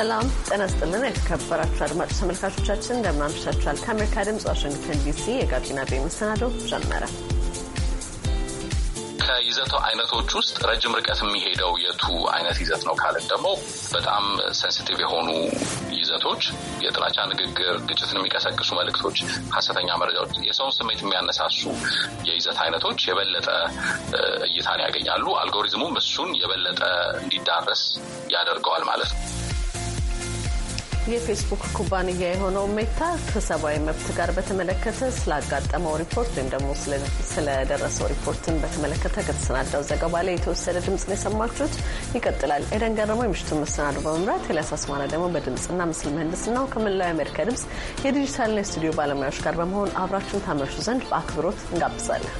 ሰላም ጤና ይስጥልን። የተከበራችሁ አድማጭ ተመልካቾቻችን እንደምን ከአሜሪካ ድምጽ ዋሽንግተን ዲሲ የጋቢና ቤ መሰናዶ ጀመረ። ከይዘቱ አይነቶች ውስጥ ረጅም ርቀት የሚሄደው የቱ አይነት ይዘት ነው ካለን ደግሞ በጣም ሴንሲቲቭ የሆኑ ይዘቶች፣ የጥላቻ ንግግር፣ ግጭትን የሚቀሰቅሱ መልእክቶች፣ ሀሰተኛ መረጃዎች፣ የሰውን ስሜት የሚያነሳሱ የይዘት አይነቶች የበለጠ እይታን ያገኛሉ። አልጎሪዝሙም እሱን የበለጠ እንዲዳረስ ያደርገዋል ማለት ነው። የፌስቡክ ኩባንያ የሆነው ሜታ ከሰብአዊ መብት ጋር በተመለከተ ስላጋጠመው ሪፖርት ወይም ደግሞ ስለደረሰው ሪፖርትን በተመለከተ ከተሰናዳው ዘገባ ላይ የተወሰደ ነው የሰማችሁት ይቀጥላል። ኤደን ገረመው የምሽቱን መሰናዶ በመምራት ኤልያስ አስማራ ደግሞ በድምፅና ምስል ምህንድስናው ከመላው የአሜሪካ ድምፅ የዲጂታልና የስቱዲዮ ባለሙያዎች ጋር በመሆን አብራችሁን ታመሹ ዘንድ በአክብሮት እንጋብዛለን።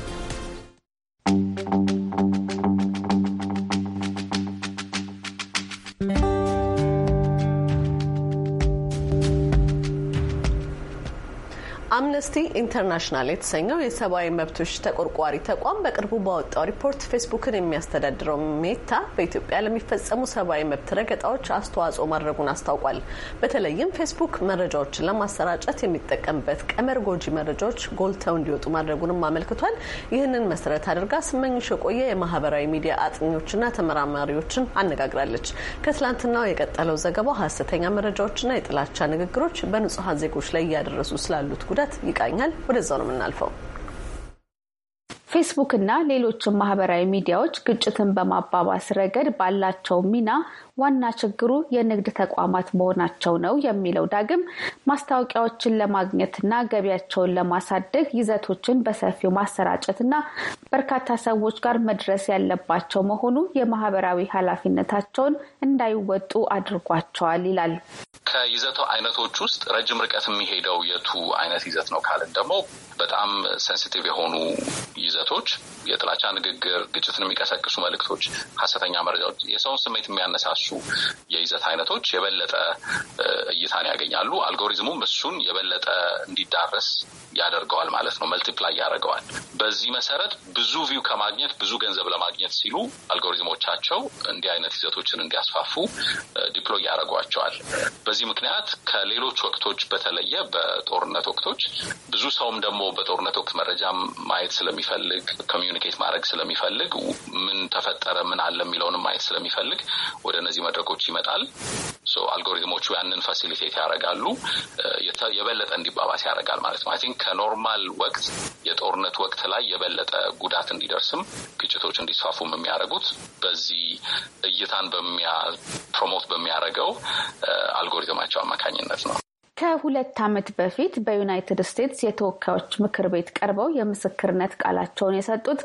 አምነስቲ ኢንተርናሽናል የተሰኘው የሰብአዊ መብቶች ተቆርቋሪ ተቋም በቅርቡ ባወጣው ሪፖርት ፌስቡክን የሚያስተዳድረው ሜታ በኢትዮጵያ ለሚፈጸሙ ሰብአዊ መብት ረገጣዎች አስተዋጽኦ ማድረጉን አስታውቋል። በተለይም ፌስቡክ መረጃዎችን ለማሰራጨት የሚጠቀምበት ቀመር ጎጂ መረጃዎች ጎልተው እንዲወጡ ማድረጉንም አመልክቷል። ይህንን መሰረት አድርጋ ስመኝሽ የቆየ የማህበራዊ ሚዲያ አጥኚዎችና ተመራማሪዎችን አነጋግራለች። ከትላንትናው የቀጠለው ዘገባው ሀሰተኛ መረጃዎችና የጥላቻ ንግግሮች በንጹሐን ዜጎች ላይ እያደረሱ ስላሉት ጉዳት ይቃኛል ወደዛው ነው የምናልፈው። ፌስቡክ እና ሌሎችም ማህበራዊ ሚዲያዎች ግጭትን በማባባስ ረገድ ባላቸው ሚና ዋና ችግሩ የንግድ ተቋማት መሆናቸው ነው የሚለው ዳግም ማስታወቂያዎችን ለማግኘትና ገቢያቸውን ለማሳደግ ይዘቶችን በሰፊው ማሰራጨትና በርካታ ሰዎች ጋር መድረስ ያለባቸው መሆኑ የማህበራዊ ኃላፊነታቸውን እንዳይወጡ አድርጓቸዋል ይላል። ከይዘቱ አይነቶች ውስጥ ረጅም ርቀት የሚሄደው የቱ አይነት ይዘት ነው ካልን ደግሞ በጣም ሴንሲቲቭ የሆኑ ይዘ ይዘቶች፣ የጥላቻ ንግግር፣ ግጭትን የሚቀሰቅሱ መልእክቶች፣ ሀሰተኛ መረጃዎች፣ የሰውን ስሜት የሚያነሳሱ የይዘት አይነቶች የበለጠ እይታን ያገኛሉ። አልጎሪዝሙም እሱን የበለጠ እንዲዳረስ ያደርገዋል ማለት ነው። መልቲፕላይ ያደርገዋል። በዚህ መሰረት ብዙ ቪው ከማግኘት ብዙ ገንዘብ ለማግኘት ሲሉ አልጎሪዝሞቻቸው እንዲህ አይነት ይዘቶችን እንዲያስፋፉ ዲፕሎይ uh, ያደርጓቸዋል። በዚህ ምክንያት ከሌሎች ወቅቶች በተለየ በጦርነት ወቅቶች ብዙ ሰውም ደግሞ በጦርነት ወቅት መረጃ ማየት ስለሚፈልግ ኮሚዩኒኬት ማድረግ ስለሚፈልግ ምን ተፈጠረ ምን አለ የሚለውንም ማየት ስለሚፈልግ ወደ እነዚህ መድረኮች ይመጣል። አልጎሪትሞቹ ያንን ፋሲሊቴት ያደርጋሉ፣ የበለጠ እንዲባባስ ያደርጋል ማለት ነው። አይ ቲንክ ከኖርማል ወቅት የጦርነት ወቅት ላይ የበለጠ ጉዳት እንዲደርስም ግጭቶች እንዲስፋፉም የሚያደርጉት በዚህ እይታን በሚያ ፕሮሞት በሚያደርገው አልጎሪትማቸው አማካኝነት ነው። ከሁለት ዓመት በፊት በዩናይትድ ስቴትስ የተወካዮች ምክር ቤት ቀርበው የምስክርነት ቃላቸውን የሰጡት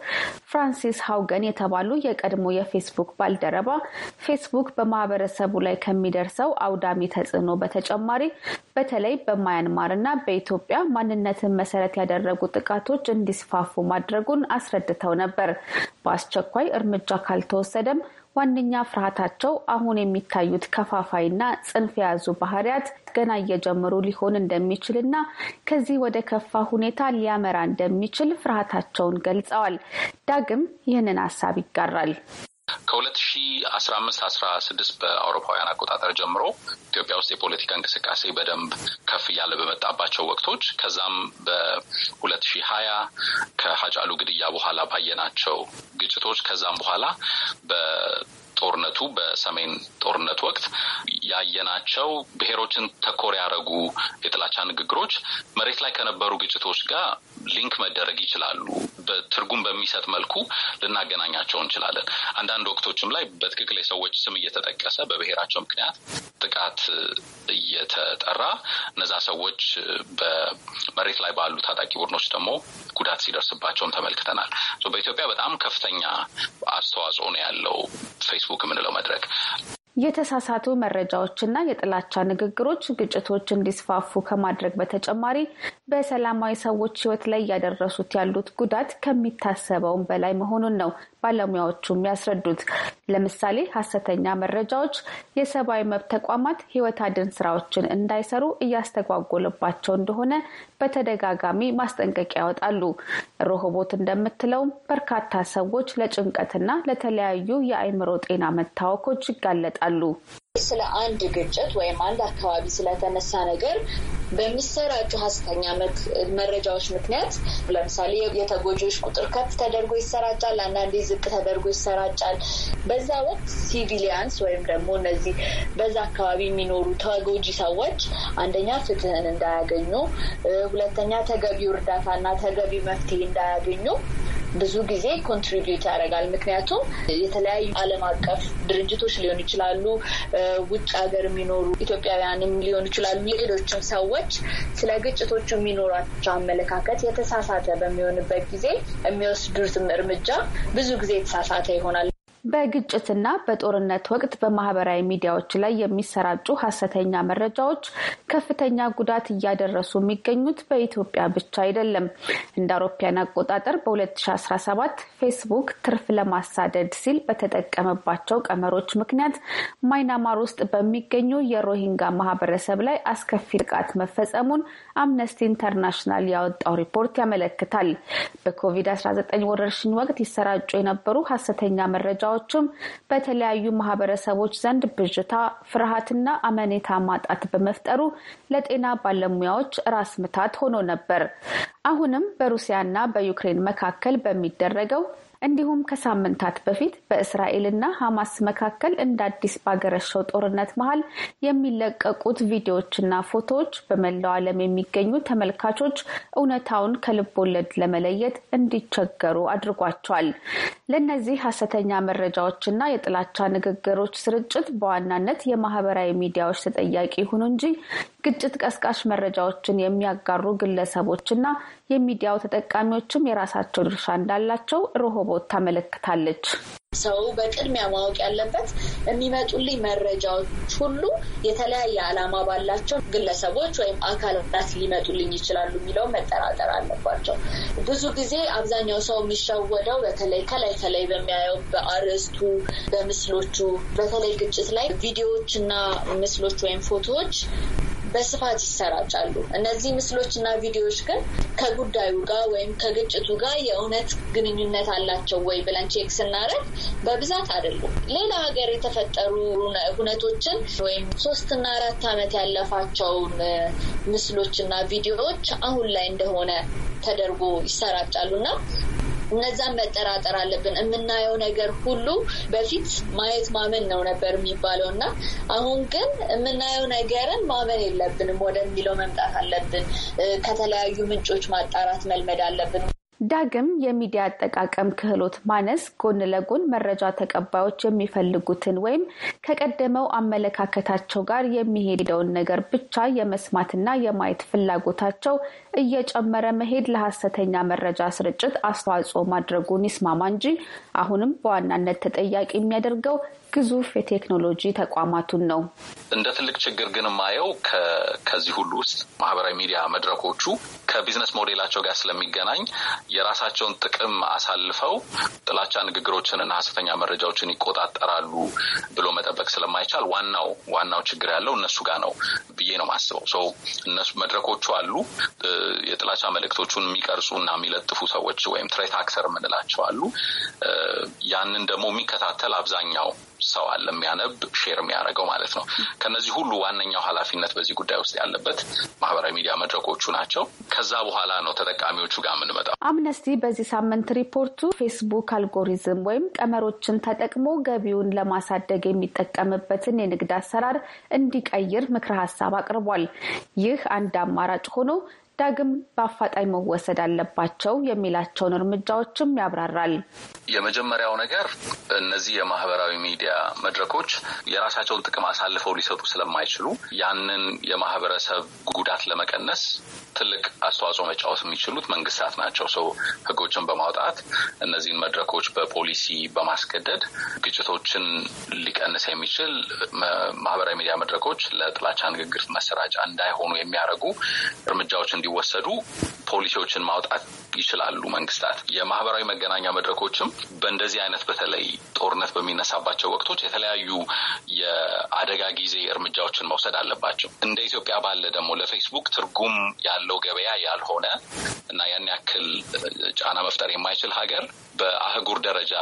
ፍራንሲስ ሀውገን የተባሉ የቀድሞ የፌስቡክ ባልደረባ ፌስቡክ በማህበረሰቡ ላይ ከሚደርሰው አውዳሚ ተጽዕኖ በተጨማሪ በተለይ በማያንማር እና በኢትዮጵያ ማንነትን መሰረት ያደረጉ ጥቃቶች እንዲስፋፉ ማድረጉን አስረድተው ነበር። በአስቸኳይ እርምጃ ካልተወሰደም ዋነኛ ፍርሃታቸው አሁን የሚታዩት ከፋፋይና ጽንፍ የያዙ ባህሪያት ገና እየጀመሩ ሊሆን እንደሚችልና ከዚህ ወደ ከፋ ሁኔታ ሊያመራ እንደሚችል ፍርሃታቸውን ገልጸዋል። ዳግም ይህንን ሀሳብ ይጋራል። ከ2015 16 በአውሮፓውያን አቆጣጠር ጀምሮ ኢትዮጵያ ውስጥ የፖለቲካ እንቅስቃሴ በደንብ ከፍ እያለ በመጣባቸው ወቅቶች ከዛም በ2020 ከሀጫሉ ግድያ በኋላ ባየናቸው ግጭቶች ከዛም በኋላ ጦርነቱ በሰሜን ጦርነት ወቅት ያየናቸው ብሔሮችን ተኮር ያደረጉ የጥላቻ ንግግሮች መሬት ላይ ከነበሩ ግጭቶች ጋር ሊንክ መደረግ ይችላሉ። በትርጉም በሚሰጥ መልኩ ልናገናኛቸው እንችላለን። አንዳንድ ወቅቶችም ላይ በትክክል የሰዎች ስም እየተጠቀሰ በብሔራቸው ምክንያት ጥቃት እየተጠራ እነዛ ሰዎች በመሬት ላይ ባሉ ታጣቂ ቡድኖች ደግሞ ጉዳት ሲደርስባቸውን ተመልክተናል። በኢትዮጵያ በጣም ከፍተኛ አስተዋጽኦ ነው ያለው ፌስ ፌስቡክ የምንለው መድረክ የተሳሳቱ መረጃዎችና የጥላቻ ንግግሮች ግጭቶች እንዲስፋፉ ከማድረግ በተጨማሪ በሰላማዊ ሰዎች ሕይወት ላይ እያደረሱት ያሉት ጉዳት ከሚታሰበውም በላይ መሆኑን ነው ባለሙያዎቹ የሚያስረዱት። ለምሳሌ ሀሰተኛ መረጃዎች የሰብአዊ መብት ተቋማት ህይወት አድን ስራዎችን እንዳይሰሩ እያስተጓጎለባቸው እንደሆነ በተደጋጋሚ ማስጠንቀቂያ ያወጣሉ። ሮሆቦት እንደምትለውም በርካታ ሰዎች ለጭንቀትና ለተለያዩ የአእምሮ ጤና መታወኮች ይጋለጣሉ። ስለ አንድ ግጭት ወይም አንድ አካባቢ ስለተነሳ ነገር በሚሰራጩ ሀሰተኛ መረጃዎች ምክንያት ለምሳሌ የተጎጂዎች ቁጥር ከፍ ተደርጎ ይሰራጫል፣ አንዳንዴ ዝቅ ተደርጎ ይሰራጫል። በዛ ወቅት ሲቪሊያንስ ወይም ደግሞ እነዚህ በዛ አካባቢ የሚኖሩ ተጎጂ ሰዎች አንደኛ ፍትህን እንዳያገኙ፣ ሁለተኛ ተገቢው እርዳታና ተገቢ መፍትሄ እንዳያገኙ ብዙ ጊዜ ኮንትሪቢዩት ያደርጋል። ምክንያቱም የተለያዩ ዓለም አቀፍ ድርጅቶች ሊሆኑ ይችላሉ፣ ውጭ ሀገር የሚኖሩ ኢትዮጵያውያንም ሊሆኑ ይችላሉ። የሌሎችም ሰዎች ስለ ግጭቶቹ የሚኖራቸው አመለካከት የተሳሳተ በሚሆንበት ጊዜ የሚወስዱትም እርምጃ ብዙ ጊዜ የተሳሳተ ይሆናል። በግጭትና በጦርነት ወቅት በማህበራዊ ሚዲያዎች ላይ የሚሰራጩ ሀሰተኛ መረጃዎች ከፍተኛ ጉዳት እያደረሱ የሚገኙት በኢትዮጵያ ብቻ አይደለም። እንደ አውሮፓያን አቆጣጠር በ2017 ፌስቡክ ትርፍ ለማሳደድ ሲል በተጠቀመባቸው ቀመሮች ምክንያት ማይናማር ውስጥ በሚገኙ የሮሂንጋ ማህበረሰብ ላይ አስከፊ ጥቃት መፈጸሙን አምነስቲ ኢንተርናሽናል ያወጣው ሪፖርት ያመለክታል። በኮቪድ-19 ወረርሽኝ ወቅት ይሰራጩ የነበሩ ሀሰተኛ መረጃዎች ሁኔታዎችም በተለያዩ ማህበረሰቦች ዘንድ ብዥታ፣ ፍርሃትና አመኔታ ማጣት በመፍጠሩ ለጤና ባለሙያዎች ራስ ምታት ሆኖ ነበር። አሁንም በሩሲያና በዩክሬን መካከል በሚደረገው እንዲሁም ከሳምንታት በፊት በእስራኤልና ሐማስ መካከል እንደ አዲስ ባገረሸው ጦርነት መሀል የሚለቀቁት ቪዲዮዎችና ፎቶዎች በመላው ዓለም የሚገኙ ተመልካቾች እውነታውን ከልቦለድ ለመለየት እንዲቸገሩ አድርጓቸዋል። ለእነዚህ ሀሰተኛ መረጃዎችና የጥላቻ ንግግሮች ስርጭት በዋናነት የማህበራዊ ሚዲያዎች ተጠያቂ ይሁኑ እንጂ ግጭት ቀስቃሽ መረጃዎችን የሚያጋሩ ግለሰቦችና የሚዲያው ተጠቃሚዎችም የራሳቸው ድርሻ እንዳላቸው ሮሆቦት ታመለክታለች። ሰው በቅድሚያ ማወቅ ያለበት የሚመጡልኝ መረጃዎች ሁሉ የተለያየ ዓላማ ባላቸው ግለሰቦች ወይም አካላት ሊመጡልኝ ይችላሉ የሚለው መጠራጠር አለባቸው። ብዙ ጊዜ አብዛኛው ሰው የሚሸወደው በተለይ ከላይ ከላይ በሚያየው በአርዕስቱ፣ በምስሎቹ በተለይ ግጭት ላይ ቪዲዮዎች እና ምስሎች ወይም ፎቶዎች በስፋት ይሰራጫሉ። እነዚህ ምስሎች እና ቪዲዮዎች ግን ከጉዳዩ ጋር ወይም ከግጭቱ ጋር የእውነት ግንኙነት አላቸው ወይ ብለን ቼክ ስናደርግ በብዛት አይደሉም። ሌላ ሀገር የተፈጠሩ ሁነቶችን ወይም ሶስትና አራት ዓመት ያለፋቸውን ምስሎች እና ቪዲዮዎች አሁን ላይ እንደሆነ ተደርጎ ይሰራጫሉ እና እነዛን መጠራጠር አለብን። የምናየው ነገር ሁሉ በፊት ማየት ማመን ነው ነበር የሚባለው እና አሁን ግን የምናየው ነገርን ማመን የለብንም ወደሚለው መምጣት አለብን። ከተለያዩ ምንጮች ማጣራት መልመድ አለብን። ዳግም የሚዲያ አጠቃቀም ክህሎት ማነስ ጎን ለጎን መረጃ ተቀባዮች የሚፈልጉትን ወይም ከቀደመው አመለካከታቸው ጋር የሚሄደውን ነገር ብቻ የመስማትና የማየት ፍላጎታቸው እየጨመረ መሄድ ለሐሰተኛ መረጃ ስርጭት አስተዋጽኦ ማድረጉን ይስማማ እንጂ አሁንም በዋናነት ተጠያቂ የሚያደርገው ግዙፍ የቴክኖሎጂ ተቋማቱን ነው። እንደ ትልቅ ችግር ግን ማየው ከዚህ ሁሉ ውስጥ ማህበራዊ ሚዲያ መድረኮቹ ከቢዝነስ ሞዴላቸው ጋር ስለሚገናኝ የራሳቸውን ጥቅም አሳልፈው ጥላቻ ንግግሮችንና ሀሰተኛ መረጃዎችን ይቆጣጠራሉ ብሎ መጠበቅ ስለማይቻል ዋናው ዋናው ችግር ያለው እነሱ ጋር ነው ብዬ ነው ማስበው። ሰው እነሱ መድረኮቹ አሉ። የጥላቻ መልእክቶቹን የሚቀርጹ እና የሚለጥፉ ሰዎች ወይም ትሬት አክሰር የምንላቸው አሉ። ያንን ደግሞ የሚከታተል አብዛኛው ሰው አለ የሚያነብ ሼር የሚያደርገው ማለት ነው። ከነዚህ ሁሉ ዋነኛው ኃላፊነት በዚህ ጉዳይ ውስጥ ያለበት ማህበራዊ ሚዲያ መድረኮቹ ናቸው። ከዛ በኋላ ነው ተጠቃሚዎቹ ጋር የምንመጣው። አምነስቲ በዚህ ሳምንት ሪፖርቱ ፌስቡክ አልጎሪዝም ወይም ቀመሮችን ተጠቅሞ ገቢውን ለማሳደግ የሚጠቀምበትን የንግድ አሰራር እንዲቀይር ምክረ ሀሳብ አቅርቧል። ይህ አንድ አማራጭ ሆኖ ዳግም በአፋጣኝ መወሰድ አለባቸው የሚላቸውን እርምጃዎችም ያብራራል። የመጀመሪያው ነገር እነዚህ የማህበራዊ ሚዲያ መድረኮች የራሳቸውን ጥቅም አሳልፈው ሊሰጡ ስለማይችሉ ያንን የማህበረሰብ ጉዳት ለመቀነስ ትልቅ አስተዋጽኦ መጫወት የሚችሉት መንግስታት ናቸው። ሰው ህጎችን በማውጣት እነዚህን መድረኮች በፖሊሲ በማስገደድ ግጭቶችን ሊቀንስ የሚችል ማህበራዊ ሚዲያ መድረኮች ለጥላቻ ንግግር መሰራጫ እንዳይሆኑ የሚያደርጉ እርምጃዎች እንዲወሰዱ ፖሊሲዎችን ማውጣት ይችላሉ መንግስታት። የማህበራዊ መገናኛ መድረኮችም በእንደዚህ አይነት በተለይ ጦርነት በሚነሳባቸው ወቅቶች የተለያዩ የአደጋ ጊዜ እርምጃዎችን መውሰድ አለባቸው። እንደ ኢትዮጵያ ባለ ደግሞ ለፌስቡክ ትርጉም ያለው ገበያ ያልሆነ እና ያን ያክል ጫና መፍጠር የማይችል ሀገር በአህጉር ደረጃ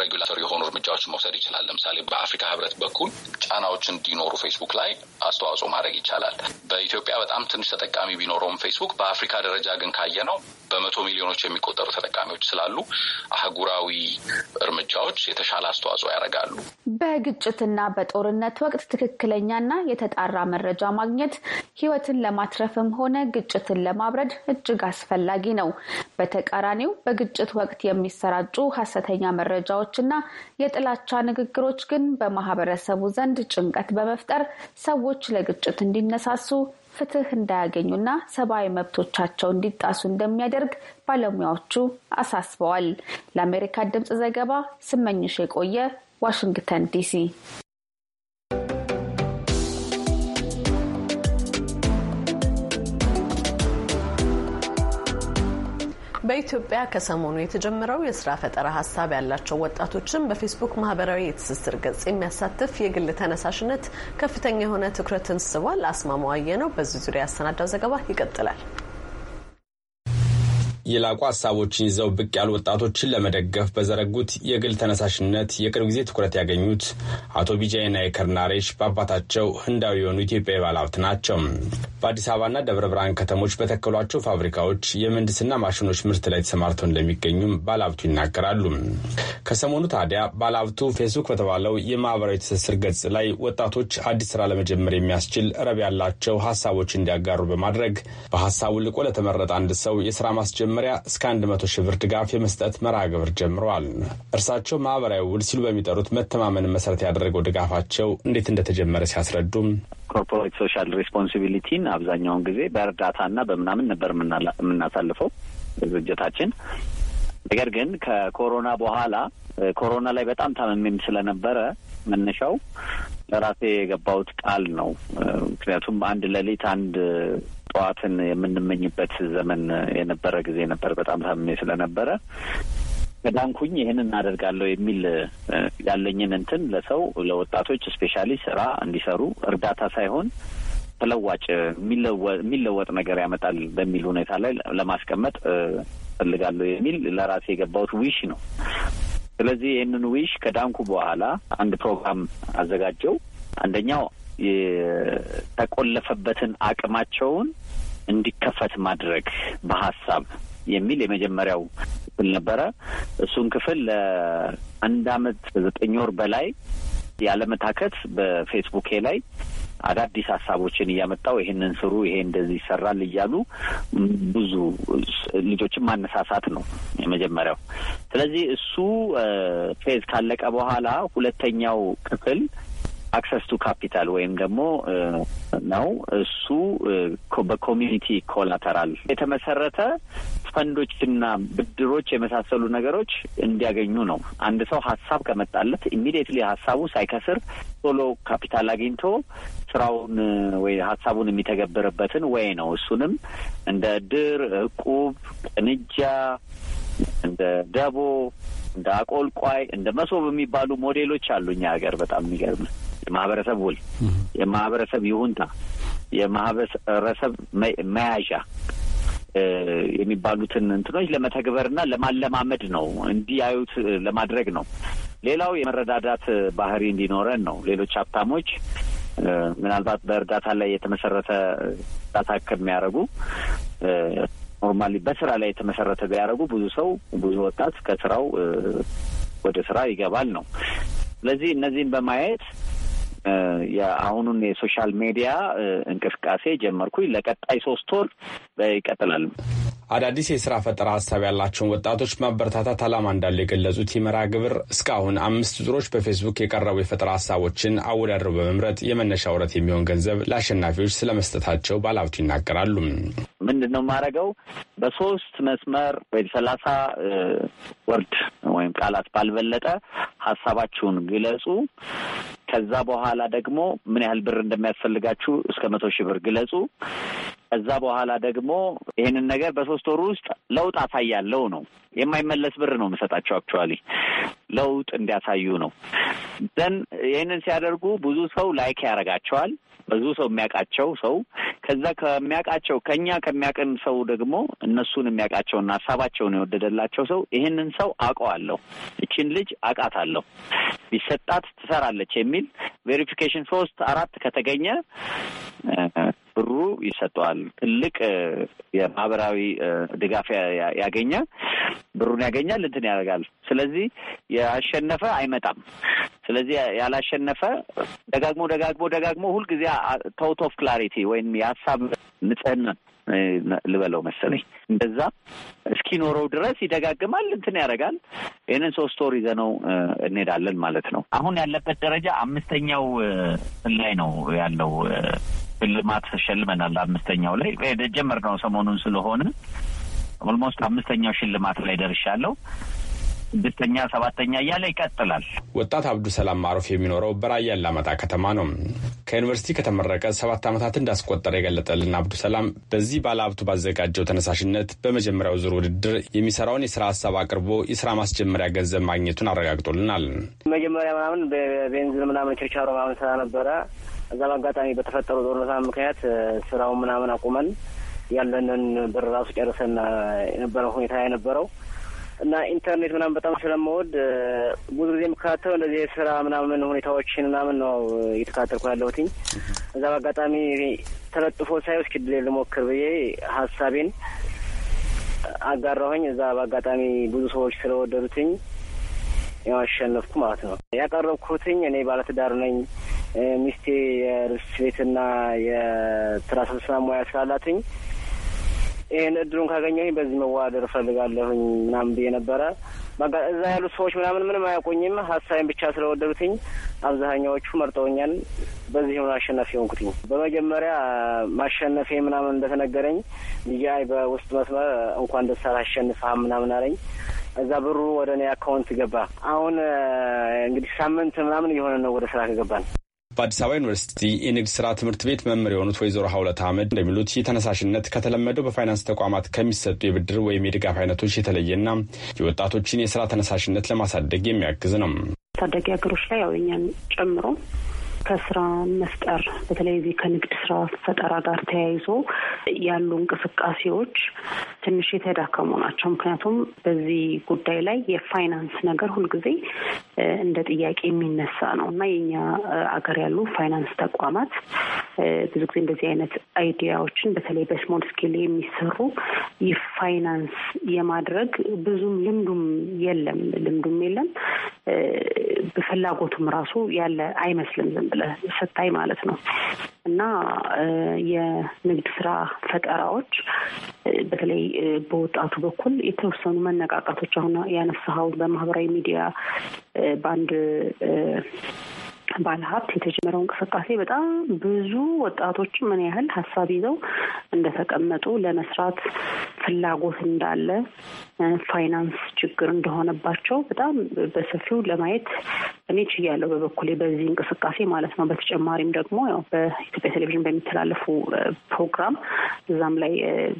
ሬጉላቶሪ የሆኑ እርምጃዎችን መውሰድ ይችላል። ለምሳሌ በአፍሪካ ህብረት በኩል ጫናዎች እንዲኖሩ ፌስቡክ ላይ አስተዋጽኦ ማድረግ ይቻላል። በኢትዮጵያ በጣም ትንሽ ተጠቃሚ ቢኖረውም ፌስቡክ ፌስቡክ በአፍሪካ ደረጃ ግን ካየ ነው በመቶ ሚሊዮኖች የሚቆጠሩ ተጠቃሚዎች ስላሉ አህጉራዊ እርምጃዎች የተሻለ አስተዋጽኦ ያደርጋሉ። በግጭትና በጦርነት ወቅት ትክክለኛና የተጣራ መረጃ ማግኘት ሕይወትን ለማትረፍም ሆነ ግጭትን ለማብረድ እጅግ አስፈላጊ ነው። በተቃራኒው በግጭት ወቅት የሚሰራጩ ሀሰተኛ መረጃዎችና የጥላቻ ንግግሮች ግን በማህበረሰቡ ዘንድ ጭንቀት በመፍጠር ሰዎች ለግጭት እንዲነሳሱ ፍትህ እንዳያገኙና ሰብአዊ መብቶቻቸው እንዲጣሱ እንደሚያደርግ ባለሙያዎቹ አሳስበዋል። ለአሜሪካ ድምፅ ዘገባ ስመኝሽ የቆየ ዋሽንግተን ዲሲ በኢትዮጵያ ከሰሞኑ የተጀመረው የስራ ፈጠራ ሀሳብ ያላቸው ወጣቶችን በፌስቡክ ማህበራዊ የትስስር ገጽ የሚያሳትፍ የግል ተነሳሽነት ከፍተኛ የሆነ ትኩረትን ስቧል። አስማማዋየ ነው በዚህ ዙሪያ ያሰናዳው ዘገባ ይቀጥላል። የላቁ ሀሳቦችን ይዘው ብቅ ያሉ ወጣቶችን ለመደገፍ በዘረጉት የግል ተነሳሽነት የቅርብ ጊዜ ትኩረት ያገኙት አቶ ቢጃይና የከርናሬሽ በአባታቸው ህንዳዊ የሆኑ ኢትዮጵያዊ ባለሀብት ናቸው። በአዲስ አበባና ደብረ ብርሃን ከተሞች በተከሏቸው ፋብሪካዎች የምህንድስና ማሽኖች ምርት ላይ ተሰማርተው እንደሚገኙም ባለሀብቱ ይናገራሉ። ከሰሞኑ ታዲያ ባለሀብቱ ፌስቡክ በተባለው የማህበራዊ ትስስር ገጽ ላይ ወጣቶች አዲስ ስራ ለመጀመር የሚያስችል ረብ ያላቸው ሀሳቦች እንዲያጋሩ በማድረግ በሀሳቡ ልቆ ለተመረጠ አንድ ሰው የስራ ማስጀመር መጀመሪያ እስከ 100 ሺህ ብር ድጋፍ የመስጠት መርሃ ግብር ጀምረዋል። እርሳቸው ማህበራዊ ውል ሲሉ በሚጠሩት መተማመንን መሰረት ያደረገው ድጋፋቸው እንዴት እንደተጀመረ ሲያስረዱም ኮርፖሬት ሶሻል ሬስፖንሲቢሊቲን አብዛኛውን ጊዜ በእርዳታና በምናምን ነበር የምናሳልፈው ድርጅታችን ነገር ግን ከኮሮና በኋላ ኮሮና ላይ በጣም ታመሜም ስለነበረ መነሻው ለራሴ የገባሁት ቃል ነው። ምክንያቱም አንድ ሌሊት አንድ ጠዋትን የምንመኝበት ዘመን የነበረ ጊዜ ነበር። በጣም ታመሜ ስለነበረ ከዳንኩኝ ይህንን እናደርጋለሁ የሚል ያለኝን እንትን ለሰው ለወጣቶች ስፔሻሊ ስራ እንዲሰሩ እርዳታ ሳይሆን ተለዋጭ የሚለወጥ ነገር ያመጣል በሚል ሁኔታ ላይ ለማስቀመጥ ፈልጋለሁ የሚል ለራሴ የገባሁት ዊሽ ነው። ስለዚህ ይህንን ዊሽ ከዳንኩ በኋላ አንድ ፕሮግራም አዘጋጀው። አንደኛው የተቆለፈበትን አቅማቸውን እንዲከፈት ማድረግ በሀሳብ የሚል የመጀመሪያው ክፍል ነበረ። እሱን ክፍል ለአንድ አመት ዘጠኝ ወር በላይ ያለመታከት በፌስቡኬ ላይ አዳዲስ ሀሳቦችን እያመጣው ይሄንን ስሩ፣ ይሄ እንደዚህ ይሰራል እያሉ ብዙ ልጆችን ማነሳሳት ነው የመጀመሪያው። ስለዚህ እሱ ፌዝ ካለቀ በኋላ ሁለተኛው ክፍል አክሰስ ቱ ካፒታል ወይም ደግሞ ነው። እሱ በኮሚዩኒቲ ኮላተራል የተመሰረተ ፈንዶችና ብድሮች የመሳሰሉ ነገሮች እንዲያገኙ ነው። አንድ ሰው ሀሳብ ከመጣለት ኢሚዲየትሊ ሀሳቡ ሳይከስር ቶሎ ካፒታል አግኝቶ ስራውን ወይ ሀሳቡን የሚተገብርበትን ወይ ነው። እሱንም እንደ ድር፣ እቁብ፣ ቅንጃ፣ እንደ ደቦ፣ እንደ አቆልቋይ፣ እንደ መሶብ የሚባሉ ሞዴሎች አሉ እኛ ሀገር በጣም የሚገርም የማህበረሰብ ውል፣ የማህበረሰብ ይሁንታ፣ የማህበረሰብ መያዣ የሚባሉትን እንትኖች ለመተግበርና ለማለማመድ ነው፣ እንዲያዩት ለማድረግ ነው። ሌላው የመረዳዳት ባህሪ እንዲኖረን ነው። ሌሎች ሀብታሞች ምናልባት በእርዳታ ላይ የተመሰረተ እርዳታ ከሚያደርጉ ኖርማሊ በስራ ላይ የተመሰረተ ቢያደርጉ ብዙ ሰው ብዙ ወጣት ከስራው ወደ ስራ ይገባል ነው። ስለዚህ እነዚህን በማየት የአሁኑን የሶሻል ሜዲያ እንቅስቃሴ ጀመርኩኝ። ለቀጣይ ሶስት ወር ይቀጥላል። አዳዲስ የስራ ፈጠራ ሀሳብ ያላቸውን ወጣቶች ማበረታታት ዓላማ እንዳለው የገለጹት የመርሃ ግብር እስካሁን አምስት ዙሮች በፌስቡክ የቀረቡ የፈጠራ ሀሳቦችን አወዳድረው በመምረጥ የመነሻ ውረት የሚሆን ገንዘብ ለአሸናፊዎች ስለመስጠታቸው ባለሀብቱ ይናገራሉ። ምንድን ነው የማደርገው? በሶስት መስመር ወይ ሰላሳ ወርድ ወይም ቃላት ባልበለጠ ሀሳባችሁን ግለጹ። ከዛ በኋላ ደግሞ ምን ያህል ብር እንደሚያስፈልጋችሁ እስከ መቶ ሺህ ብር ግለጹ። ከዛ በኋላ ደግሞ ይህንን ነገር በሶስት ወር ውስጥ ለውጥ አሳያለው ነው የማይመለስ ብር ነው የምሰጣቸው። አክቹዋሊ ለውጥ እንዲያሳዩ ነው። ዘን ይህንን ሲያደርጉ ብዙ ሰው ላይክ ያደርጋቸዋል። ብዙ ሰው የሚያውቃቸው ሰው ከዛ ከሚያውቃቸው ከኛ ከሚያውቅን ሰው ደግሞ እነሱን የሚያውቃቸውና ሀሳባቸውን የወደደላቸው ሰው ይህንን ሰው አውቀዋለሁ፣ እችን ልጅ አውቃታለሁ፣ ቢሰጣት ትሰራለች የሚል ቬሪፊኬሽን ሶስት አራት ከተገኘ ብሩ ይሰጠዋል። ትልቅ የማህበራዊ ድጋፍ ያገኘ ብሩን ያገኛል፣ እንትን ያደርጋል። ስለዚህ ያሸነፈ አይመጣም። ስለዚህ ያላሸነፈ ደጋግሞ ደጋግሞ ደጋግሞ ሁልጊዜ ቶት ኦፍ ክላሪቲ ወይም የሀሳብ ንጽህና ልበለው መሰለኝ እንደዛ እስኪኖረው ድረስ ይደጋግማል፣ እንትን ያደርጋል። ይህንን ሶስት ወር ይዘነው እንሄዳለን ማለት ነው። አሁን ያለበት ደረጃ አምስተኛው ላይ ነው ያለው። ሽልማት ሸልመናል። አምስተኛው ላይ ነው ሰሞኑን ስለሆነ ኦልሞስት አምስተኛው ሽልማት ላይ ደርሻለሁ። ስድስተኛ፣ ሰባተኛ እያለ ይቀጥላል። ወጣት አብዱ ሰላም ማሩፍ የሚኖረው በራያ አላማጣ ከተማ ነው። ከዩኒቨርሲቲ ከተመረቀ ሰባት ዓመታት እንዳስቆጠረ የገለጠልን አብዱ ሰላም በዚህ ባለሀብቱ ባዘጋጀው ተነሳሽነት በመጀመሪያው ዙር ውድድር የሚሰራውን የስራ ሀሳብ አቅርቦ የስራ ማስጀመሪያ ገንዘብ ማግኘቱን አረጋግጦልናል። መጀመሪያ ምናምን በቤንዚን ምናምን ችርቻሮ ምናምን ስራ ነበረ። እዛ በአጋጣሚ በተፈጠሩ ጦርነት ምክንያት ስራውን ምናምን አቁመን ያለንን ብር ራሱ ጨርሰን የነበረው ሁኔታ የነበረው እና ኢንተርኔት ምናምን በጣም ስለምወድ ብዙ ጊዜ የምከታተለው እንደዚህ የስራ ምናምን ሁኔታዎችን ምናምን ነው እየተከታተልኩ ያለሁትኝ። እዛ በአጋጣሚ ተለጥፎ ሳይ እስኪ ድሌ ልሞክር ብዬ ሀሳቤን አጋራሁኝ። እዛ በአጋጣሚ ብዙ ሰዎች ስለወደዱትኝ ያው አሸነፍኩ ማለት ነው። ያቀረብኩትኝ እኔ ባለትዳር ነኝ፣ ሚስቴ የስራ የትራስብስና ሙያ ስላላትኝ ይህን እድሉን ካገኘሁኝ በዚህ መዋደር እፈልጋለሁኝ ምናምን ብዬ ነበረ። በቃ እዛ ያሉት ሰዎች ምናምን ምንም አያውቁኝም። ሀሳቤን ብቻ ስለወደዱትኝ አብዛኛዎቹ መርጠውኛል። በዚህ ሆኖ አሸናፊ ሆንኩትኝ። በመጀመሪያ ማሸነፌ ምናምን እንደተነገረኝ ይያይ በውስጥ መስመር እንኳን ደስ አለህ አሸንፈህ ምናምን አለኝ። እዛ ብሩ ወደ እኔ አካውንት ገባ። አሁን እንግዲህ ሳምንት ምናምን እየሆነ ነው ወደ ስራ ከገባን በአዲስ አበባ ዩኒቨርሲቲ የንግድ ስራ ትምህርት ቤት መምህር የሆኑት ወይዘሮ ሀውለት አህመድ እንደሚሉት ይህ ተነሳሽነት ከተለመደው በፋይናንስ ተቋማት ከሚሰጡ የብድር ወይም የድጋፍ አይነቶች የተለየና የወጣቶችን የስራ ተነሳሽነት ለማሳደግ የሚያግዝ ነው። ታዳጊ ሀገሮች ላይ ያው እኛን ጨምሮ ከስራ መፍጠር በተለይ እዚህ ከንግድ ስራ ፈጠራ ጋር ተያይዞ ያሉ እንቅስቃሴዎች ትንሽ የተዳከሙ ናቸው። ምክንያቱም በዚህ ጉዳይ ላይ የፋይናንስ ነገር ሁልጊዜ እንደ ጥያቄ የሚነሳ ነው እና የኛ አገር ያሉ ፋይናንስ ተቋማት ብዙ ጊዜ እንደዚህ አይነት አይዲያዎችን በተለይ በስሞል ስኬል የሚሰሩ ፋይናንስ የማድረግ ብዙም ልምዱም የለም ልምዱም የለም። ፍላጎቱም ራሱ ያለ አይመስልም ዝም ስታይ ማለት ነው እና የንግድ ስራ ፈጠራዎች በተለይ በወጣቱ በኩል የተወሰኑ መነቃቃቶች አሁን ያነሳኸው በማህበራዊ ሚዲያ በአንድ ባለሀብት የተጀመረው እንቅስቃሴ በጣም ብዙ ወጣቶች ምን ያህል ሀሳብ ይዘው እንደተቀመጡ ለመስራት ፍላጎት እንዳለ ፋይናንስ ችግር እንደሆነባቸው በጣም በሰፊው ለማየት እኔ ችያለሁ በበኩሌ በዚህ እንቅስቃሴ ማለት ነው። በተጨማሪም ደግሞ ያው በኢትዮጵያ ቴሌቪዥን በሚተላለፉ ፕሮግራም እዛም ላይ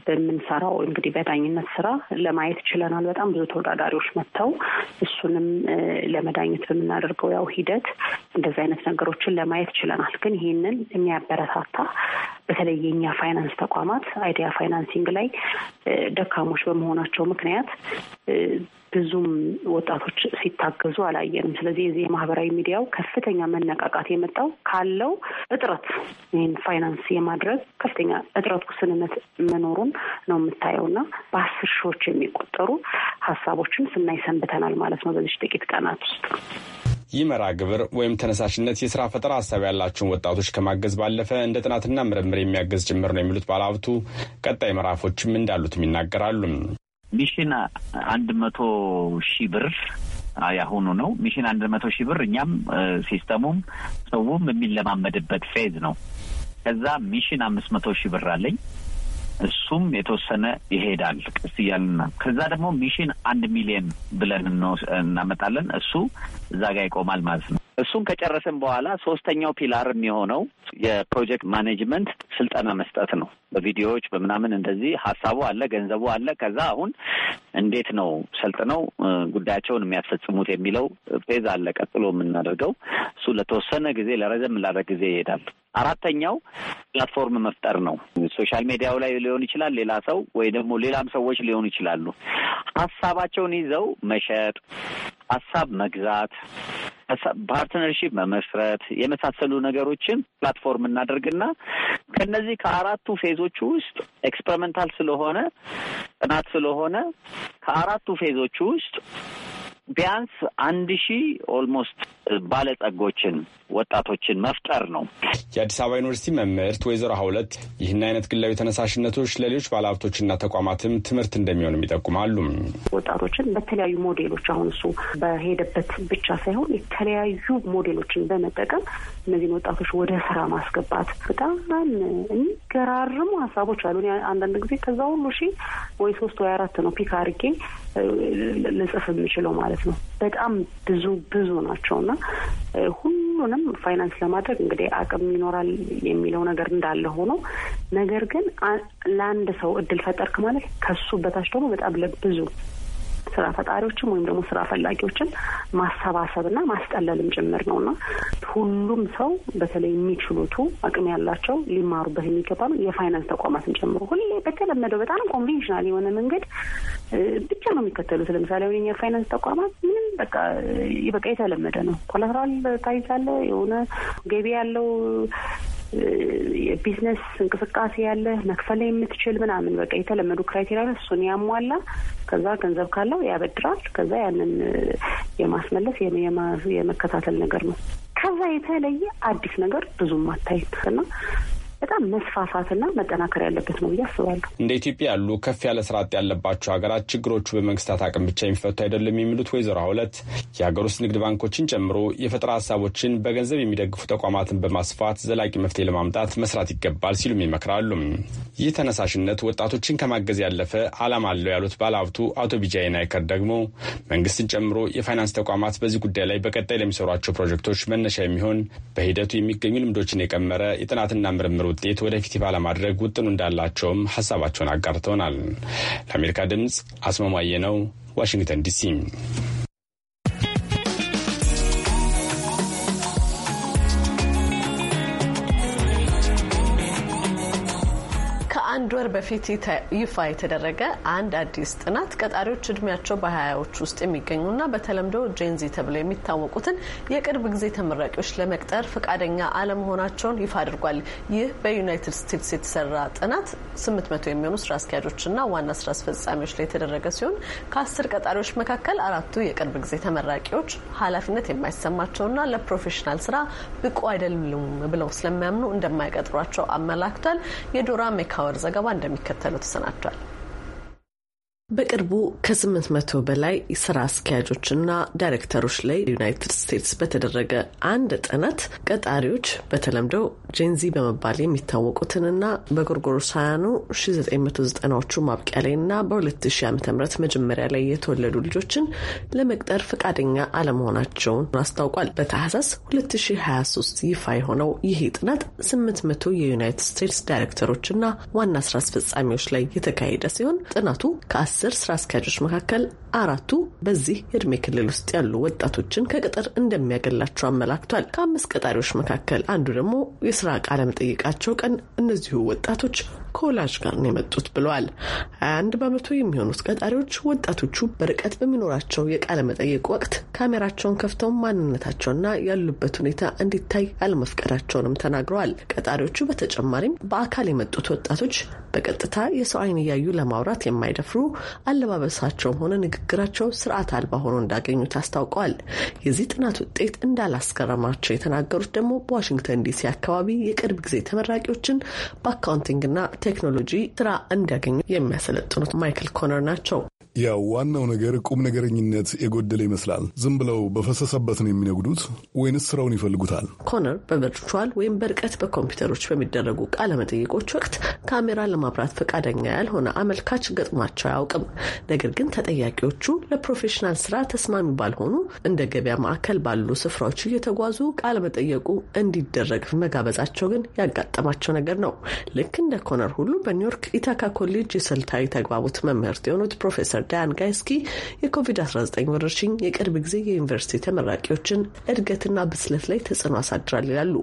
በምንሰራው እንግዲህ በዳኝነት ስራ ለማየት ችለናል። በጣም ብዙ ተወዳዳሪዎች መጥተው እሱንም ለመዳኘት በምናደርገው ያው ሂደት እንደዚህ አይነት ነገሮችን ለማየት ችለናል። ግን ይህንን የሚያበረታታ በተለይ የኛ ፋይናንስ ተቋማት አይዲያ ፋይናንሲንግ ላይ ደካሞች በመሆናቸው ምክንያት ብዙም ወጣቶች ሲታገዙ አላየንም። ስለዚህ የዚህ የማህበራዊ ሚዲያው ከፍተኛ መነቃቃት የመጣው ካለው እጥረት ይህን ፋይናንስ የማድረግ ከፍተኛ እጥረት፣ ውስንነት መኖሩን ነው የምታየው እና በአስር ሺዎች የሚቆጠሩ ሀሳቦችን ስናይ ሰንብተናል ማለት ነው በዚች ጥቂት ቀናት ውስጥ ይህ መርሃ ግብር ወይም ተነሳሽነት የስራ ፈጠራ ሀሳብ ያላቸውን ወጣቶች ከማገዝ ባለፈ እንደ ጥናትና ምርምር የሚያገዝ ጭምር ነው የሚሉት ባለሀብቱ ቀጣይ ምዕራፎችም እንዳሉትም ይናገራሉ። ሚሽን አንድ መቶ ሺህ ብር ያሁኑ ነው። ሚሽን አንድ መቶ ሺህ ብር እኛም ሲስተሙም ሰውም የሚለማመድበት ፌዝ ነው። ከዛ ሚሽን አምስት መቶ ሺህ ብር አለኝ እሱም የተወሰነ ይሄዳል ቀስ እያልና ከዛ ደግሞ ሚሽን አንድ ሚሊየን ብለን እናመጣለን። እሱ እዛ ጋር ይቆማል ማለት ነው። እሱን ከጨረስን በኋላ ሶስተኛው ፒላር የሚሆነው የፕሮጀክት ማኔጅመንት ስልጠና መስጠት ነው። በቪዲዮዎች በምናምን እንደዚህ ሀሳቡ አለ፣ ገንዘቡ አለ። ከዛ አሁን እንዴት ነው ሰልጥነው ጉዳያቸውን የሚያስፈጽሙት የሚለው ፌዝ አለ። ቀጥሎ የምናደርገው እሱ ለተወሰነ ጊዜ ለረዘም ላለ ጊዜ ይሄዳል። አራተኛው ፕላትፎርም መፍጠር ነው። ሶሻል ሚዲያው ላይ ሊሆን ይችላል፣ ሌላ ሰው ወይ ደግሞ ሌላም ሰዎች ሊሆኑ ይችላሉ። ሀሳባቸውን ይዘው መሸጥ፣ ሀሳብ መግዛት ፓርትነርሺፕ መመስረት የመሳሰሉ ነገሮችን ፕላትፎርም እናደርግና ከነዚህ ከአራቱ ፌዞች ውስጥ ኤክስፐሪመንታል ስለሆነ ጥናት ስለሆነ ከአራቱ ፌዞች ውስጥ ቢያንስ አንድ ሺህ ኦልሞስት ባለጸጎችን ወጣቶችን መፍጠር ነው። የአዲስ አበባ ዩኒቨርሲቲ መምህርት ወይዘሮ ሀውለት ይህን አይነት ግላዊ ተነሳሽነቶች ለሌሎች ባለሀብቶችና ተቋማትም ትምህርት እንደሚሆንም ይጠቁማሉ። ወጣቶችን በተለያዩ ሞዴሎች አሁን እሱ በሄደበት ብቻ ሳይሆን የተለያዩ ሞዴሎችን በመጠቀም እነዚህን ወጣቶች ወደ ስራ ማስገባት በጣም የሚገራርሙ ሀሳቦች አሉ። አንዳንድ ጊዜ ከዛ ሁሉ ሺህ ወይ ሶስት ወይ አራት ነው ፒክ አድርጌ ልጽፍ የምችለው ማለት ነው። በጣም ብዙ ብዙ ናቸው እና ሁሉንም ፋይናንስ ለማድረግ እንግዲህ አቅም ይኖራል የሚለው ነገር እንዳለ ሆኖ ነገር ግን ለአንድ ሰው እድል ፈጠርክ ማለት ከሱ በታች ደግሞ በጣም ለብዙ ስራ ፈጣሪዎችን ወይም ደግሞ ስራ ፈላጊዎችን ማሰባሰብና ማስጠለልም ጭምር ነው እና ሁሉም ሰው በተለይ የሚችሉቱ አቅም ያላቸው ሊማሩበት የሚገባ ነው። የፋይናንስ ተቋማትን ጨምሮ ሁሌ በተለመደው በጣም ኮንቬንሽናል የሆነ መንገድ ብቻ ነው የሚከተሉት። ለምሳሌ አሁን የፋይናንስ ተቋማት ምንም በቃ በቃ የተለመደ ነው። ኮላተራል ታይዛለ የሆነ ገቢ ያለው የቢዝነስ እንቅስቃሴ ያለ መክፈል የምትችል ምናምን በቃ የተለመዱ ክራይቴሪያ እሱን ያሟላ ከዛ ገንዘብ ካለው ያበድራል። ከዛ ያንን የማስመለስ የመከታተል ነገር ነው። ከዛ የተለየ አዲስ ነገር ብዙም አታይም እና በጣም መስፋፋትና መጠናከር ያለበት ነው ብዬ አስባለሁ። እንደ ኢትዮጵያ ያሉ ከፍ ያለ ስርዓት ያለባቸው ሀገራት ችግሮቹ በመንግስታት አቅም ብቻ የሚፈቱ አይደለም የሚሉት ወይዘሮ ሁለት የሀገር ውስጥ ንግድ ባንኮችን ጨምሮ የፈጠራ ሀሳቦችን በገንዘብ የሚደግፉ ተቋማትን በማስፋት ዘላቂ መፍትሄ ለማምጣት መስራት ይገባል ሲሉም ይመክራሉ። ይህ ተነሳሽነት ወጣቶችን ከማገዝ ያለፈ አላማ አለው ያሉት ባለሀብቱ አቶ ቢጃይ ናይከር ደግሞ መንግስትን ጨምሮ የፋይናንስ ተቋማት በዚህ ጉዳይ ላይ በቀጣይ ለሚሰሯቸው ፕሮጀክቶች መነሻ የሚሆን በሂደቱ የሚገኙ ልምዶችን የቀመረ የጥናትና ምርምር ውጤት ወደፊት ባለማድረግ ውጥኑ እንዳላቸውም ሀሳባቸውን አጋርተውናል። ለአሜሪካ ድምፅ አስማማየ ነው፣ ዋሽንግተን ዲሲ። ከአንድ ወር በፊት ይፋ የተደረገ አንድ አዲስ ጥናት ቀጣሪዎች እድሜያቸው በሀያዎች ውስጥ የሚገኙና በተለምዶ ጄንዚ ተብለው የሚታወቁትን የቅርብ ጊዜ ተመራቂዎች ለመቅጠር ፈቃደኛ አለመሆናቸውን ይፋ አድርጓል። ይህ በዩናይትድ ስቴትስ የተሰራ ጥናት መቶ የሚሆኑ ስራ አስኪያጆችና ዋና ስራ አስፈጻሚዎች ላይ የተደረገ ሲሆን ከአስር ቀጣሪዎች መካከል አራቱ የቅርብ ጊዜ ተመራቂዎች ኃላፊነት የማይሰማቸውና ለፕሮፌሽናል ስራ ብቁ አይደሉም ብለው ስለሚያምኑ እንደማይቀጥሯቸው አመላክቷል። የዶራ ሜካወርዘ ዘገባ እንደሚከተለው ተሰናድቷል። በቅርቡ ከ800 በላይ ስራ አስኪያጆችና ዳይሬክተሮች ላይ ዩናይትድ ስቴትስ በተደረገ አንድ ጥናት ቀጣሪዎች በተለምዶ ጄንዚ በመባል የሚታወቁትንና በጎርጎሮሳውያኑ 1990ዎቹ ማብቂያ ላይ እና በ2000 ዓ ም መጀመሪያ ላይ የተወለዱ ልጆችን ለመቅጠር ፈቃደኛ አለመሆናቸውን አስታውቋል። በታህሳስ 2023 ይፋ የሆነው ይህ ጥናት 800 የዩናይትድ ስቴትስ ዳይሬክተሮችና ዋና ስራ አስፈጻሚዎች ላይ የተካሄደ ሲሆን ጥናቱ ከ አስር ስራ አስኪያጆች መካከል አራቱ በዚህ የእድሜ ክልል ውስጥ ያሉ ወጣቶችን ከቅጥር እንደሚያገላቸው አመላክቷል። ከአምስት ቀጣሪዎች መካከል አንዱ ደግሞ የስራ ቃለ መጠይቃቸው ቀን እነዚሁ ወጣቶች ከወላጅ ጋር ነው የመጡት ብለዋል። አንድ በመቶ የሚሆኑት ቀጣሪዎች ወጣቶቹ በርቀት በሚኖራቸው የቃለ መጠየቅ ወቅት ካሜራቸውን ከፍተው ማንነታቸውና ያሉበት ሁኔታ እንዲታይ አለመፍቀዳቸውንም ተናግረዋል። ቀጣሪዎቹ በተጨማሪም በአካል የመጡት ወጣቶች በቀጥታ የሰው አይን እያዩ ለማውራት የማይደፍሩ፣ አለባበሳቸውም ሆነ ንግግራቸው ስርዓት አልባ ሆኖ እንዳገኙት አስታውቀዋል። የዚህ ጥናት ውጤት እንዳላስገረማቸው የተናገሩት ደግሞ በዋሽንግተን ዲሲ አካባቢ የቅርብ ጊዜ ተመራቂዎችን በአካውንቲንግና ቴክኖሎጂ ስራ እንዲያገኙ የሚያሰለጥኑት ማይክል ኮነር ናቸው። ያው ዋናው ነገር ቁም ነገረኝነት የጎደለ ይመስላል። ዝም ብለው በፈሰሰበት ነው የሚነጉዱት ወይንስ ስራውን ይፈልጉታል? ኮነር በቨርቹዋል ወይም በርቀት በኮምፒውተሮች በሚደረጉ ቃለመጠይቆች ወቅት ካሜራ ለማብራት ፈቃደኛ ያልሆነ አመልካች ገጥሟቸው አያውቅም። ነገር ግን ተጠያቂዎቹ ለፕሮፌሽናል ስራ ተስማሚ ባልሆኑ እንደ ገበያ ማዕከል ባሉ ስፍራዎች እየተጓዙ ቃለመጠየቁ እንዲደረግ መጋበዛቸው ግን ያጋጠማቸው ነገር ነው። ልክ እንደ ኮነር ሁሉ በኒውዮርክ ኢታካ ኮሌጅ የስልታዊ ተግባቦት መምህርት የሆኑት ፕሮፌሰር ዳያን ጋይስኪ የኮቪድ-19 ወረርሽኝ የቅርብ ጊዜ የዩኒቨርሲቲ ተመራቂዎችን እድገትና ብስለት ላይ ተጽዕኖ አሳድራል ይላሉ።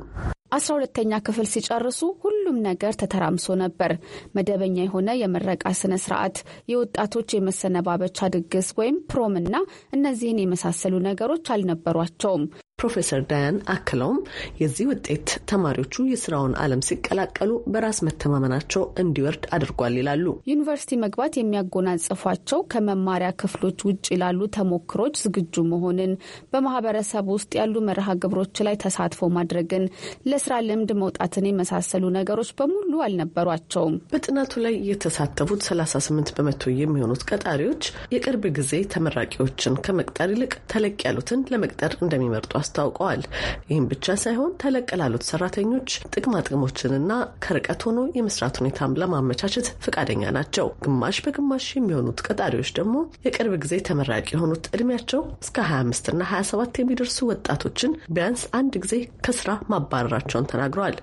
አስራ ሁለተኛ ክፍል ሲጨርሱ ሁሉም ነገር ተተራምሶ ነበር። መደበኛ የሆነ የምረቃ ስነ ስርዓት፣ የወጣቶች የመሰነባበቻ ድግስ ወይም ፕሮምና እነዚህን የመሳሰሉ ነገሮች አልነበሯቸውም። ፕሮፌሰር ዳያን አክለውም የዚህ ውጤት ተማሪዎቹ የስራውን ዓለም ሲቀላቀሉ በራስ መተማመናቸው እንዲወርድ አድርጓል ይላሉ። ዩኒቨርሲቲ መግባት የሚያጎናጽፏቸው ከመማሪያ ክፍሎች ውጭ ላሉ ተሞክሮች ዝግጁ መሆንን፣ በማህበረሰብ ውስጥ ያሉ መርሃ ግብሮች ላይ ተሳትፎ ማድረግን፣ ለስራ ልምድ መውጣትን የመሳሰሉ ነገሮች ነገሮች በሙሉ አልነበሯቸውም። በጥናቱ ላይ የተሳተፉት 38 በመቶ የሚሆኑት ቀጣሪዎች የቅርብ ጊዜ ተመራቂዎችን ከመቅጠር ይልቅ ተለቅ ያሉትን ለመቅጠር እንደሚመርጡ አስታውቀዋል። ይህም ብቻ ሳይሆን ተለቅ ላሉት ሰራተኞች ጥቅማ ጥቅሞችንና ከርቀት ሆኖ የመስራት ሁኔታም ለማመቻቸት ፈቃደኛ ናቸው። ግማሽ በግማሽ የሚሆኑት ቀጣሪዎች ደግሞ የቅርብ ጊዜ ተመራቂ የሆኑት እድሜያቸው እስከ 25ና 27 የሚደርሱ ወጣቶችን ቢያንስ አንድ ጊዜ ከስራ ማባረራቸውን ተናግረዋል።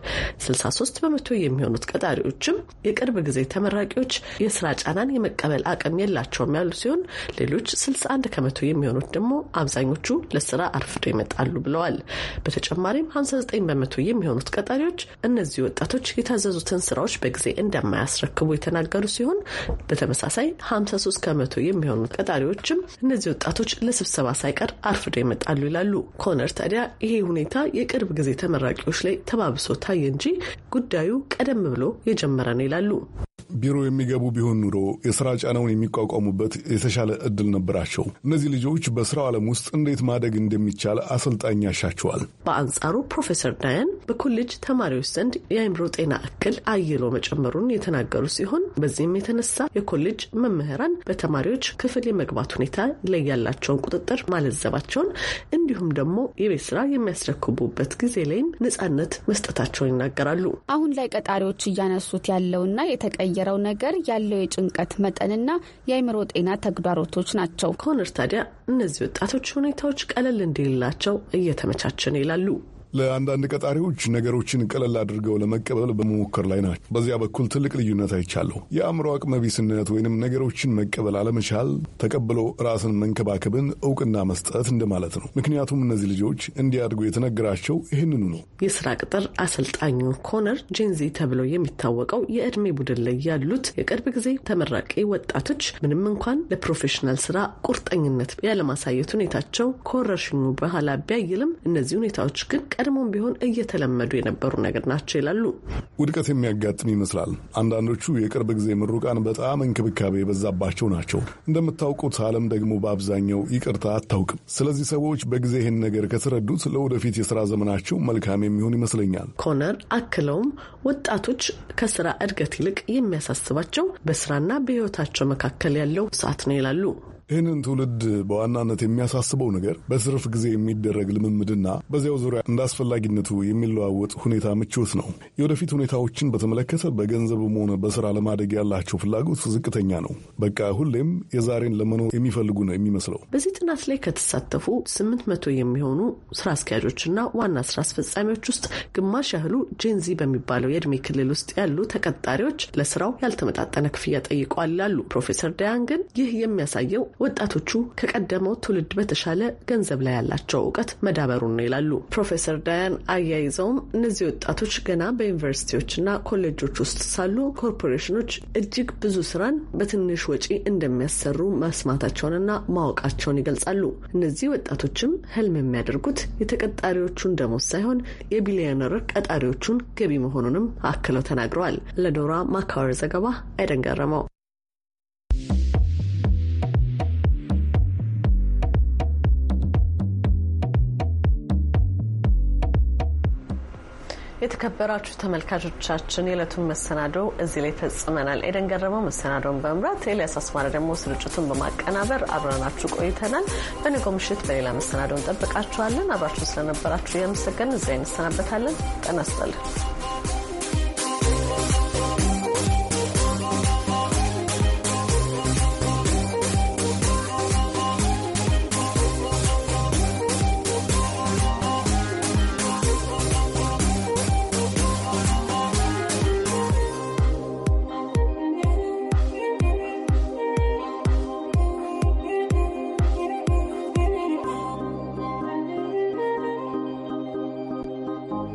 63 በመ መቶ የሚሆኑት ቀጣሪዎችም የቅርብ ጊዜ ተመራቂዎች የስራ ጫናን የመቀበል አቅም የላቸውም ያሉ ሲሆን ሌሎች 61 ከመቶ የሚሆኑት ደግሞ አብዛኞቹ ለስራ አርፍዶ ይመጣሉ ብለዋል። በተጨማሪም 59 በመቶ የሚሆኑት ቀጣሪዎች እነዚህ ወጣቶች የታዘዙትን ስራዎች በጊዜ እንደማያስረክቡ የተናገሩ ሲሆን በተመሳሳይ 53 ከመቶ የሚሆኑት ቀጣሪዎችም እነዚህ ወጣቶች ለስብሰባ ሳይቀር አርፍዶ ይመጣሉ ይላሉ። ኮነር ታዲያ ይሄ ሁኔታ የቅርብ ጊዜ ተመራቂዎች ላይ ተባብሶ ታየ እንጂ ጉዳዩ ጉዳዩ ቀደም ብሎ የጀመረ ነው ይላሉ። ቢሮ የሚገቡ ቢሆን ኑሮ የስራ ጫናውን የሚቋቋሙበት የተሻለ እድል ነበራቸው። እነዚህ ልጆች በስራው ዓለም ውስጥ እንዴት ማደግ እንደሚቻል አሰልጣኝ ያሻቸዋል። በአንጻሩ ፕሮፌሰር ዳያን በኮሌጅ ተማሪዎች ዘንድ የአእምሮ ጤና እክል አይሎ መጨመሩን የተናገሩ ሲሆን በዚህም የተነሳ የኮሌጅ መምህራን በተማሪዎች ክፍል የመግባት ሁኔታ ላይ ያላቸውን ቁጥጥር ማለዘባቸውን እንዲሁም ደግሞ የቤት ስራ የሚያስረክቡበት ጊዜ ላይም ነጻነት መስጠታቸውን ይናገራሉ። አሁን ላይ ቀጣሪዎች እያነሱት ያለውና የተቀ የሚቀየረው ነገር ያለው የጭንቀት መጠንና የአይምሮ ጤና ተግዳሮቶች ናቸው። ኮነር ታዲያ እነዚህ ወጣቶች ሁኔታዎች ቀለል እንዲላቸው እየተመቻቸን ይላሉ። ለአንዳንድ ቀጣሪዎች ነገሮችን ቀለል አድርገው ለመቀበል በመሞከር ላይ ናቸው። በዚያ በኩል ትልቅ ልዩነት አይቻለሁ። የአእምሮ አቅመቢስነት ወይንም ነገሮችን መቀበል አለመቻል ተቀብሎ ራስን መንከባከብን እውቅና መስጠት እንደማለት ነው። ምክንያቱም እነዚህ ልጆች እንዲያድጉ የተነገራቸው ይህንኑ ነው። የስራ ቅጥር አሰልጣኙ ኮነር ጄንዚ ተብለው የሚታወቀው የእድሜ ቡድን ላይ ያሉት የቅርብ ጊዜ ተመራቂ ወጣቶች ምንም እንኳን ለፕሮፌሽናል ስራ ቁርጠኝነት ያለማሳየት ሁኔታቸው ከወረርሽኙ በኋላ ቢያይልም እነዚህ ሁኔታዎች ግን ቀድሞም ቢሆን እየተለመዱ የነበሩ ነገር ናቸው ይላሉ። ውድቀት የሚያጋጥም ይመስላል። አንዳንዶቹ የቅርብ ጊዜ ምሩቃን በጣም እንክብካቤ የበዛባቸው ናቸው። እንደምታውቁት ዓለም ደግሞ በአብዛኛው ይቅርታ አታውቅም። ስለዚህ ሰዎች በጊዜ ይህን ነገር ከተረዱት ለወደፊት የስራ ዘመናቸው መልካም የሚሆን ይመስለኛል። ኮነር አክለውም ወጣቶች ከስራ እድገት ይልቅ የሚያሳስባቸው በስራና በህይወታቸው መካከል ያለው ሰዓት ነው ይላሉ። ይህንን ትውልድ በዋናነት የሚያሳስበው ነገር በትርፍ ጊዜ የሚደረግ ልምምድና በዚያው ዙሪያ እንደ አስፈላጊነቱ የሚለዋወጥ ሁኔታ ምቾት ነው። የወደፊት ሁኔታዎችን በተመለከተ በገንዘብም ሆነ በስራ ለማደግ ያላቸው ፍላጎት ዝቅተኛ ነው። በቃ ሁሌም የዛሬን ለመኖር የሚፈልጉ ነው የሚመስለው። በዚህ ጥናት ላይ ከተሳተፉ ስምንት መቶ የሚሆኑ ስራ አስኪያጆችና ዋና ስራ አስፈጻሚዎች ውስጥ ግማሽ ያህሉ ጄንዚ በሚባለው የእድሜ ክልል ውስጥ ያሉ ተቀጣሪዎች ለስራው ያልተመጣጠነ ክፍያ ጠይቋል ይላሉ ፕሮፌሰር ዳያን። ግን ይህ የሚያሳየው ወጣቶቹ ከቀደመው ትውልድ በተሻለ ገንዘብ ላይ ያላቸው እውቀት መዳበሩን ነው ይላሉ ፕሮፌሰር ዳያን። አያይዘውም እነዚህ ወጣቶች ገና በዩኒቨርሲቲዎችና ኮሌጆች ውስጥ ሳሉ ኮርፖሬሽኖች እጅግ ብዙ ስራን በትንሽ ወጪ እንደሚያሰሩ መስማታቸውንና ማወቃቸውን ይገልጻሉ። እነዚህ ወጣቶችም ህልም የሚያደርጉት የተቀጣሪዎቹን ደሞዝ ሳይሆን የቢሊዮነር ቀጣሪዎቹን ገቢ መሆኑንም አክለው ተናግረዋል። ለዶራ ማካወር ዘገባ አይደንገረመው የተከበራችሁ ተመልካቾቻችን የዕለቱን መሰናዶው እዚህ ላይ ፈጽመናል። ኤደን ገረመው መሰናዶውን በመምራት ኤልያስ አስማረ ደግሞ ስርጭቱን በማቀናበር አብረናችሁ ቆይተናል። በነገው ምሽት በሌላ መሰናዶ እንጠብቃችኋለን። አብራችሁ ስለነበራችሁ እያመሰገን እዚያ እንሰናበታለን። ጤና ይስጥልን።